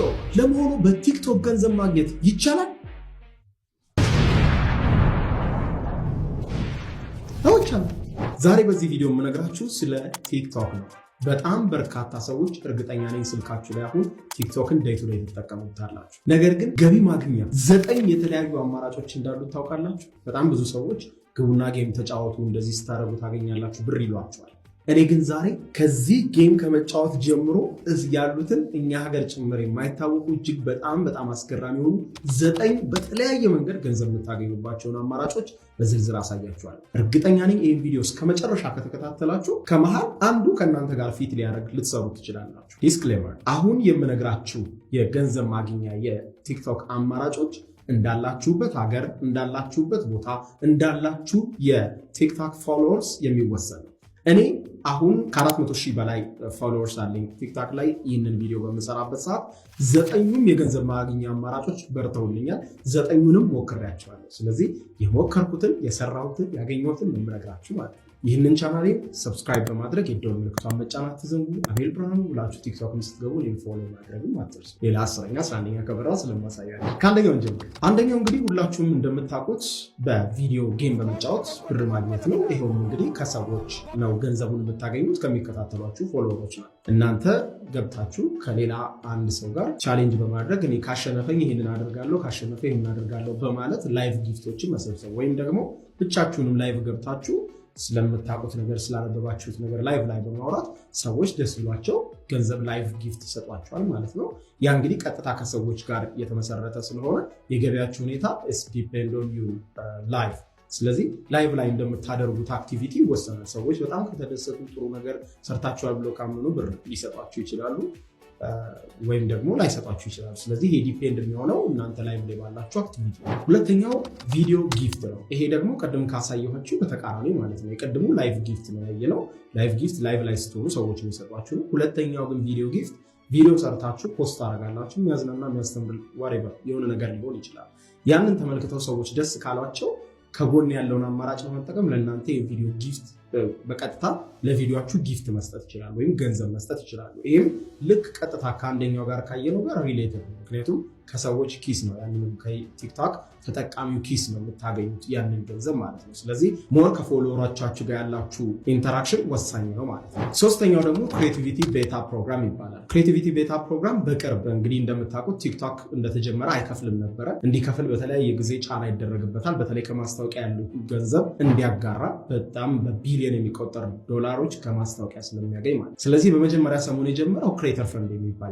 ቲክቶክ ለመሆኑ በቲክቶክ ገንዘብ ማግኘት ይቻላል? ይቻላል። ዛሬ በዚህ ቪዲዮ የምነግራችሁ ስለ ቲክቶክ ነው። በጣም በርካታ ሰዎች እርግጠኛ ነኝ ስልካችሁ ላይ አሁን ቲክቶክን ዴይቱ ላይ ትጠቀሙታላችሁ። ነገር ግን ገቢ ማግኛ ዘጠኝ የተለያዩ አማራጮች እንዳሉ ታውቃላችሁ። በጣም ብዙ ሰዎች ግቡና ጌም ተጫወቱ፣ እንደዚህ ስታደረጉ ታገኛላችሁ ብር ይሏቸዋል። እኔ ግን ዛሬ ከዚህ ጌም ከመጫወት ጀምሮ ያሉትን እኛ ሀገር ጭምር የማይታወቁ እጅግ በጣም በጣም አስገራሚ የሆኑ ዘጠኝ በተለያየ መንገድ ገንዘብ የምታገኙባቸውን አማራጮች በዝርዝር አሳያችኋል። እርግጠኛ ነኝ ይህን ቪዲዮ እስከ መጨረሻ ከተከታተላችሁ ከመሃል አንዱ ከእናንተ ጋር ፊት ሊያደርግ ልትሰሩ ትችላላችሁ። ዲስክሌመር፣ አሁን የምነግራችሁ የገንዘብ ማግኛ የቲክቶክ አማራጮች እንዳላችሁበት ሀገር፣ እንዳላችሁበት ቦታ፣ እንዳላችሁ የቲክቶክ ፎሎወርስ የሚወሰን ነው። እኔ አሁን ከ400 ሺህ በላይ ፎሎወርስ አለኝ ቲክታክ ላይ ይህንን ቪዲዮ በምሰራበት ሰዓት ዘጠኙም የገንዘብ ማግኛ አማራጮች በርተውልኛል። ዘጠኙንም ሞክሬያቸዋለሁ። ስለዚህ የሞከርኩትን የሰራሁትን ያገኘሁትን የምነግራችሁ ማለት ነው። ይህንን ቻናሌ ሰብስክራይብ በማድረግ የደወል ምልክቷን መጫን አትዘንጉ። አቤል ብርሃኑ ብላችሁ ቲክቶክ ስትገቡ እኔን ፎሎ ማድረግም አትርሱ። ሌላ አስረኛ አስራ አንደኛ ከበራ ስለማሳያለ ከአንደኛው እንጀምር። አንደኛው እንግዲህ ሁላችሁም እንደምታውቁት በቪዲዮ ጌም በመጫወት ብር ማግኘት ነው። ይኸውም እንግዲህ ከሰዎች ነው ገንዘቡን የምታገኙት ከሚከታተሏችሁ ፎሎወሮች ናቸው። እናንተ ገብታችሁ ከሌላ አንድ ሰው ጋር ቻሌንጅ በማድረግ እኔ ካሸነፈኝ ይህንን አደርጋለሁ፣ ካሸነፈ ይህንን አደርጋለሁ በማለት ላይቭ ጊፍቶችን መሰብሰብ ወይም ደግሞ ብቻችሁንም ላይቭ ገብታችሁ ስለምታውቁት ነገር ስላነበባችሁት ነገር ላይቭ ላይ በማውራት ሰዎች ደስ ብሏቸው ገንዘብ ላይቭ ጊፍት ይሰጧቸዋል ማለት ነው። ያ እንግዲህ ቀጥታ ከሰዎች ጋር የተመሰረተ ስለሆነ የገበያችሁ ሁኔታ ዲፔንድ ኦን ዩ ላይቭ ስለዚህ ላይቭ ላይ እንደምታደርጉት አክቲቪቲ ይወሰናል። ሰዎች በጣም ከተደሰቱ ጥሩ ነገር ሰርታችኋል ብለው ካመኑ ብር ሊሰጧችሁ ይችላሉ፣ ወይም ደግሞ ላይሰጧችሁ ይችላሉ። ስለዚህ ይሄ ዲፔንድ የሚሆነው እናንተ ላይቭ ላይ ባላችሁ አክቲቪቲ። ሁለተኛው ቪዲዮ ጊፍት ነው። ይሄ ደግሞ ቅድም ካሳየኋችሁ በተቃራኒ ማለት ነው። የቅድሙ ላይቭ ጊፍት ነው ያየነው። ላይቭ ጊፍት ላይቭ ላይ ስትሆኑ ሰዎች የሚሰጧችሁ ነው። ሁለተኛው ግን ቪዲዮ ጊፍት ቪዲዮ ሰርታችሁ ፖስት አደርጋላችሁ። የሚያዝናና የሚያስተምር ዋሬቨር የሆነ ነገር ሊሆን ይችላል። ያንን ተመልክተው ሰዎች ደስ ካሏቸው ከጎን ያለውን አማራጭ በመጠቀም ለእናንተ የቪዲዮ ጊፍት በቀጥታ ለቪዲዮቹ ጊፍት መስጠት ይችላሉ፣ ወይም ገንዘብ መስጠት ይችላሉ። ይህም ልክ ቀጥታ ከአንደኛው ጋር ካየነው ጋር ሪሌትድ ነው። ምክንያቱም ከሰዎች ኪስ ነው ያንንም ከቲክቶክ ተጠቃሚው ኪስ ነው የምታገኙት ያንን ገንዘብ ማለት ነው። ስለዚህ ሞር ከፎሎወሮቻችሁ ጋር ያላችሁ ኢንተራክሽን ወሳኝ ነው ማለት ነው። ሶስተኛው ደግሞ ክሬቲቪቲ ቤታ ፕሮግራም ይባላል። ክሬቲቪቲ ቤታ ፕሮግራም በቅርብ እንግዲህ እንደምታውቁት ቲክቶክ እንደተጀመረ አይከፍልም ነበረ። እንዲከፍል በተለያየ ጊዜ ጫና ይደረግበታል። በተለይ ከማስታወቂያ ያሉ ገንዘብ እንዲያጋራ በጣም በቢል በቢሊዮን የሚቆጠር ዶላሮች ከማስታወቂያ ስለሚያገኝ ማለት። ስለዚህ በመጀመሪያ ሰሞን የጀመረው ክሬተር ፈንድ የሚባል